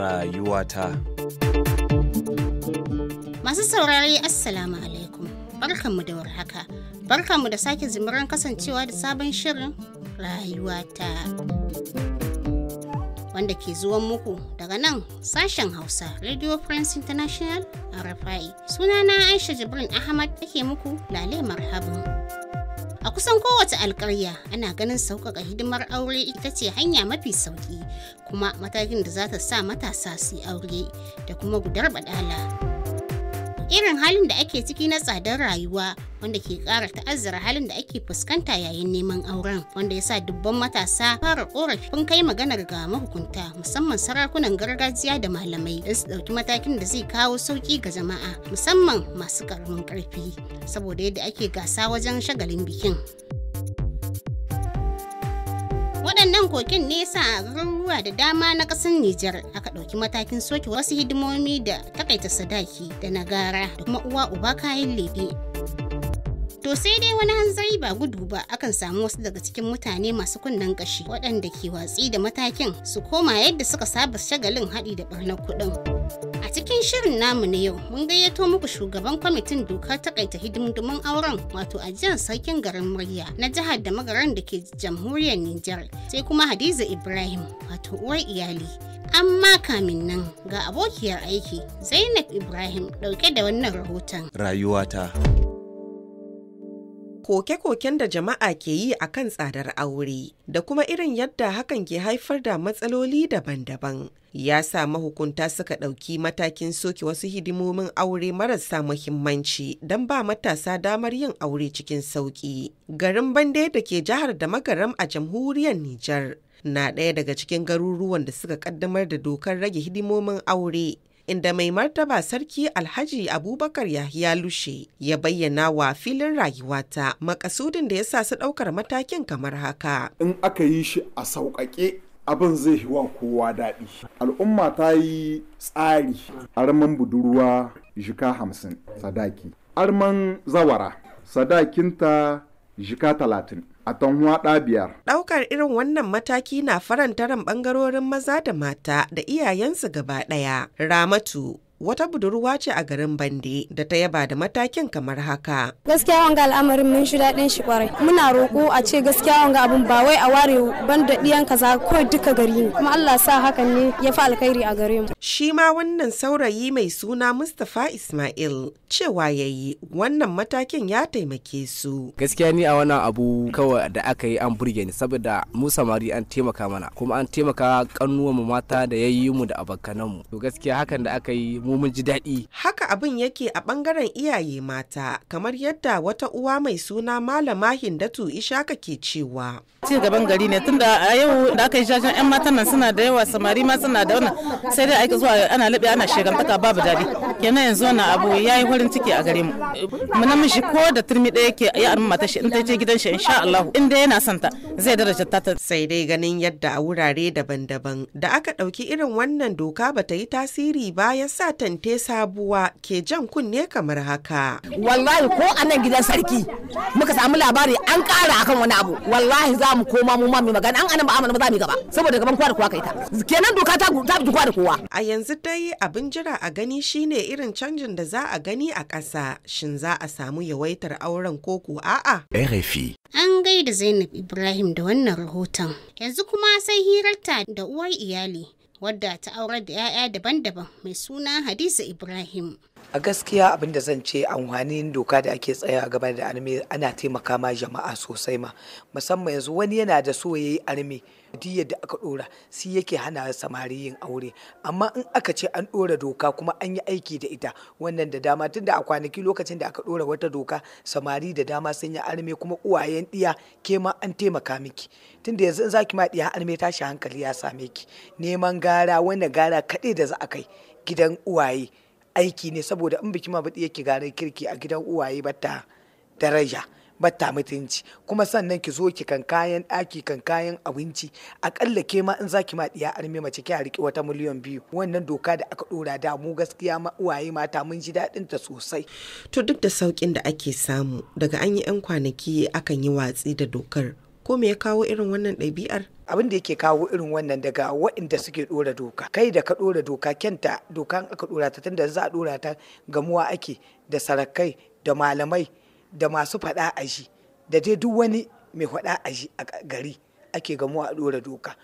rayuwata. Masu saurari Assalamu alaikum, barkanmu da warhaka, barkanmu da sake zimiran kasancewa da sabon shirin rayuwata. Wanda ke zuwan muku daga nan sashen Hausa Radio France International a Rafai. Sunana Aisha Jibrin Ahmad take muku lale marhaban. A kusan kowace alkarya ana ganin sauƙaƙa hidimar aure ita ce hanya mafi sauƙi kuma matakin da za ta sa matasa su aure da kuma gudar baɗala. irin halin da ake ciki na tsadar rayuwa wanda ke kara ta'azzara halin da ake fuskanta yayin neman auren wanda ya sa dubban matasa fara korafin kai maganar ga mahukunta musamman sarakunan gargajiya da malamai don su ɗauki matakin da zai kawo sauƙi ga jama'a musamman masu ƙaramin ƙarfi saboda yadda ake gasa wajen shagalin bikin waɗannan kokin nesa a garin abubuwa da dama na ƙasar Nijar aka ɗauki matakin soke wasu hidimomi da takaita sadaki da na gara da kuma uwa uba kayan lebe To sai dai wani hanzari ba gudu ba akan samu wasu daga cikin mutane masu kunnen ƙashi waɗanda ke watsi da matakin su koma yadda suka saba shagalin haɗi da ɓarnar kuɗin. A cikin shirin namu na yau mun gayyato muku shugaban kwamitin doka takaita hidimdumin auren wato a jihar sarkin garin murya na jihar da magaran da ke jamhuriyar Nijar sai kuma Hadiza Ibrahim wato uwar iyali. Amma kamin nan ga abokiyar aiki Zainab Ibrahim dauke da wannan rahoton. Rayuwata. koke-koken da jama'a ke yi a kan tsadar aure da kuma irin yadda hakan ke haifar da matsaloli daban-daban. Ya sa mahukunta suka ɗauki matakin soke wasu hidimomin aure marasa muhimmanci don ba matasa damar yin aure cikin sauƙi. Garin Bande da ke jihar da magaram a jamhuriyar Nijar na ɗaya daga cikin garuruwan da suka ƙaddamar da dokar rage hidimomin aure. inda mai martaba sarki Alhaji Abubakar Yahya Lushe ya bayyana wa filin rayuwata makasudin da ya sa su ɗaukar matakin kamar haka. In aka yi shi a sauƙaƙe abin zai yi wa kowa daɗi. Al'umma ta yi tsari arman budurwa jika hamsin sadaki. Arman zawara sadakinta jika talatin. a tanhuwa ɗa biyar. Ɗaukar irin wannan mataki na faranta ran ɓangarorin maza da mata da iyayensu gaba ɗaya. Ramatu wata budurwa ce a garin Bande da ta yaba da matakin kamar haka. Gaskiya wanga al'amarin mun shi daɗin shi kwarai. Muna roƙo a ce gaskiya wanga abun ba wai a ware ban ɗiyan kaza ko duka gari ne. Kuma Allah sa hakan ne ya fi alkhairi a gare mu. Shi ma wannan saurayi mai suna Mustapha Ismail cewa yayi wannan matakin ya taimake su. Gaskiya ni a wannan abu kawai da aka yi an burge ni saboda mu samari an taimaka mana kuma an taimaka kannuwa mu mata da yayi mu da mu To gaskiya hakan da aka yi mu mun ji daɗi. Haka abin yake a ɓangaren iyaye mata kamar yadda wata uwa mai suna Malama Hindatu Ishaka ke cewa. ci gaban gari ne tunda a yau da aka yi jajen yan matan nan suna da yawa samari ma suna da wannan sai dai aika zuwa ana labe ana taka babu dadi kenan yanzu wannan abu yayi yi ciki a gare mu mu namiji ko da turmi da yake ya armi mata shi in ta je gidan shi insha Allah in dai yana santa zai daraja ta sai dai ganin yadda a wurare daban-daban da aka dauki irin wannan doka bata yi tasiri ba ya sa tante sabuwa ke jan kunne kamar haka wallahi ko anan gidan sarki muka samu labari an kara akan wani abu wallahi za mu mu koma mu ma magana an anan ba amana ba mu gaba saboda gaban kowa da kowa kai ta kenan doka ta ta bi kowa da kowa a yanzu dai abin jira a gani shine irin canjin da za a gani a ƙasa shin za a samu yawaitar auren koko a'a RFI an gaida Zainab Ibrahim da wannan rahoton yanzu kuma sai hirarta da uwar iyali wadda ta aurar da 'ya'ya daban-daban mai suna Hadiza Ibrahim a gaskiya abin da zan ce amfanin doka da ake tsaya gaba da armi ana taimaka ma jama'a sosai ma musamman yanzu wani yana da so yayi armi duk da aka dora si yake hana samari yin aure amma in aka ce an dora doka kuma an yi aiki da ita wannan da dama tun da a kwanaki lokacin da aka dora wata doka samari da dama sun yi arme kuma uwayen diya ke ma an taimaka miki tun da yanzu in zaki ma diya arme tashi hankali ya same ki neman gara wanda gara kaɗai da za a kai gidan uwaye aiki ne saboda in biki ma baɗi ki gare kirki a gidan uwaye bata daraja bata mutunci kuma sannan ki zo ki kan kayan ɗaki kan kayan abinci akalla ke ma in za ki ma ɗiya arme mace ki a riƙe wata miliyan biyu wannan doka da aka ɗora da mu gaskiya ma uwaye mata mun ji daɗin ta sosai. to duk da sauƙin da ake samu daga an yi 'yan kwanaki akan yi watsi da dokar ko me ya kawo irin wannan ɗabi'ar abin da yake kawo irin wannan daga waɗanda suke ɗora doka kai da ka ɗora doka kyanta in aka ɗora ta tunda za a ɗora ta gamuwa ake da sarakai da malamai da masu faɗa aji, da dai duk wani mai faɗa aji a gari ake gamuwa a ɗora doka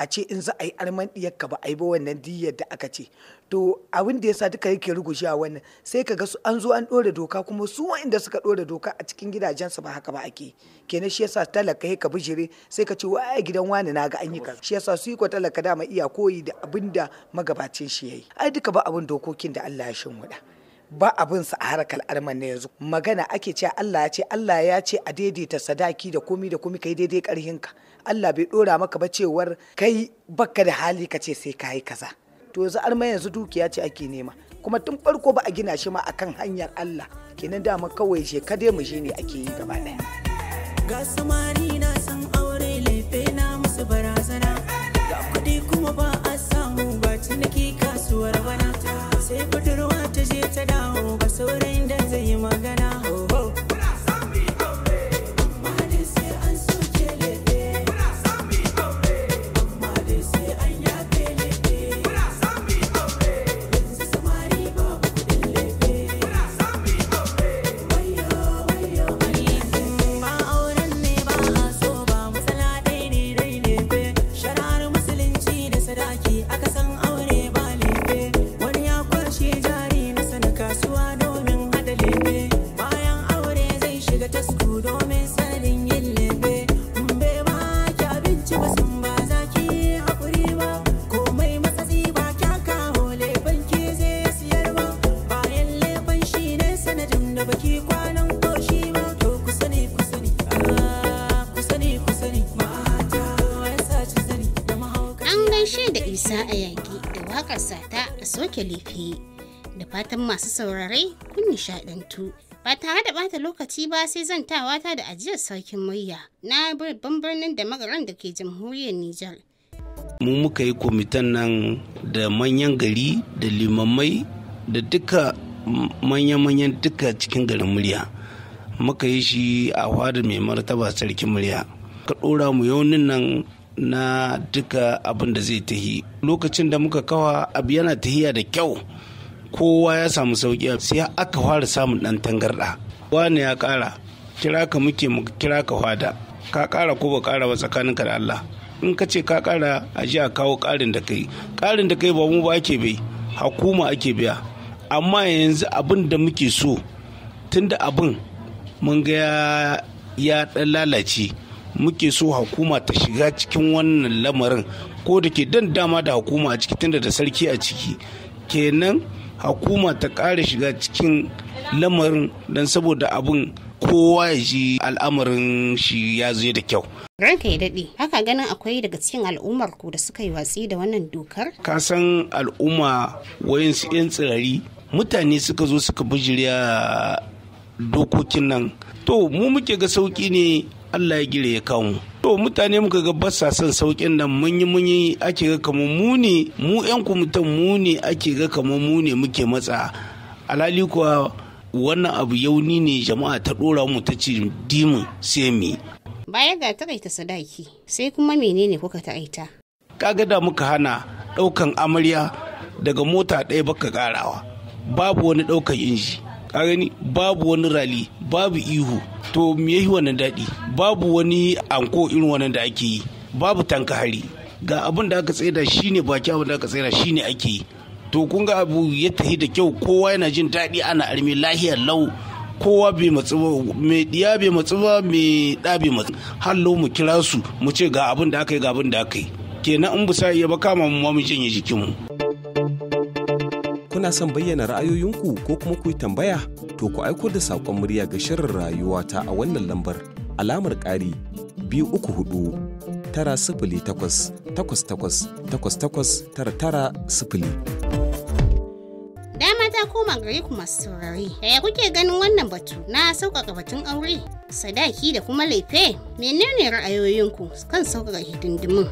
a ce in za a yi arman ka ba a yi ba wannan diyar da aka ce to abin da ya sa duka yake a wannan sai ka ga su an zo an ɗora doka kuma su wa'inda suka ɗora doka a cikin gidajensu ba haka ba ake kenan shi yasa talaka ka bijire sai ka ce wa a gidan wani na ga an yi kaza shi yasa su yi ko talaka dama iya koyi da abin da magabacin shi yayi ai duka ba abin dokokin da Allah ya shin wada ba abin sa a harkar alman na yanzu magana ake cewa Allah ya ce Allah ya ce a daidaita sadaki da komi da komi kai daidai ka. Allah bai dora maka ba cewar kai baka da hali ka ce sai kai kaza to yanzu alman yanzu dukiya ce ake nema kuma tun farko ba a gina shi ma akan hanyar Allah kenan dama kawai dai mu shi ne ake yi gaba daya ga samari na san aure lefe na musu barazana ga kuɗi kuma ba a samu ba ciniki kasuwar bana sai budurwa ta je ta dawo ba saurin da zai magana ho da an gaishe da isa a yaƙi da waƙar sata a soke lefe da fatan masu saurare kun nishaɗantu ba tare da bata lokaci ba sai zantawa ta da ajiyar sarkin murya na babban birnin da magaran da ke jamhuriyar Nijar. Mu muka yi kwamitan nan da manyan gari da limamai da duka manya-manyan duka cikin garin murya muka yi shi a fadar mai martaba sarkin murya ka ɗora mu yaunin nan na duka abin da zai tahi lokacin da muka kawa abu yana tahiya da kyau kowa ya samu sauki sai aka fara samun ɗan tangarɗa wani ya ƙara kira ka muke mu kira ka fada ka ƙara ko ba ƙara ba ka da Allah in ka ce ka ƙara a ji a kawo ƙarin da kai ƙarin da kai ba mu ba ake bai hakuma ake biya amma yanzu abin da muke so tunda abin mun ga ya ɗan lalace muke so hukuma ta shiga cikin wannan lamarin ko da ke dan dama da hukuma a ciki tunda da sarki a ciki kenan hukuma ta ƙara shiga cikin lamarin don saboda abin kowa ya ji al'amarin shi ya zo da kyau. Ranka ya daɗe, haka ganin akwai daga cikin al'ummarku da suka yi watsi da wannan dokar? Ka san al'umma wayansu 'yan tsirari mutane suka zo suka bijiriya dokokin nan to mu muke ga sauki ne allah ya gire ya kawo to mutane muka ga ba son saukin nan mun yi mun yi ake ga kamar mu ne mu yan kwamitan mu ne ake ga kamar mu ne muke matsa alhali kuwa wannan abu yauni ne jama'a ta dora mu ta ce dimu sai mi baya ga ta sadaki sai kuma menene kuka Ka kaga da muka hana daukan amarya daga mota ɗaya baka karawa babu wani ɗaukar inji ka gani babu wani rali babu ihu to me yi wannan daɗi babu wani anko irin wannan da ake yi babu tankari ga abin da aka tsaida shine baki abin da aka tsaida shine ake yi to kun ga abu ya tahi da kyau kowa yana jin daɗi ana armi lahiyar lau kowa bai matsu ba mai diya bai matsu ba mai ɗa bai matsu hallo mu kira su mu ce ga abin da aka yi ga abin da aka yi kenan in bisa iya ba kama mu ma mu janye jikinmu kuna son bayyana ra'ayoyinku ko kuma ku yi tambaya to ku aiko da saƙon murya ga shirin rayuwa ta a wannan lambar alamar ƙari biyu uku hudu tara sifili takwas takwas takwas takwas takwas tara tara sifili. Dama ta koma gare ku masu yaya kuke ganin wannan batu na sauƙaƙa batun aure, sadaki da kuma laife, menene ra'ayoyinku kan sauƙaƙa hidindimin?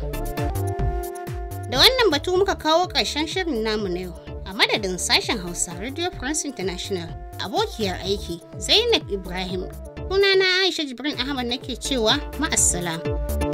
Da wannan batu muka kawo ƙarshen shirin namu na yau. madadin sashen Hausa Radio France International abokiyar aiki Zainab Ibrahim kuna na Aisha Jibrin Ahmad nake cewa ma'assalam.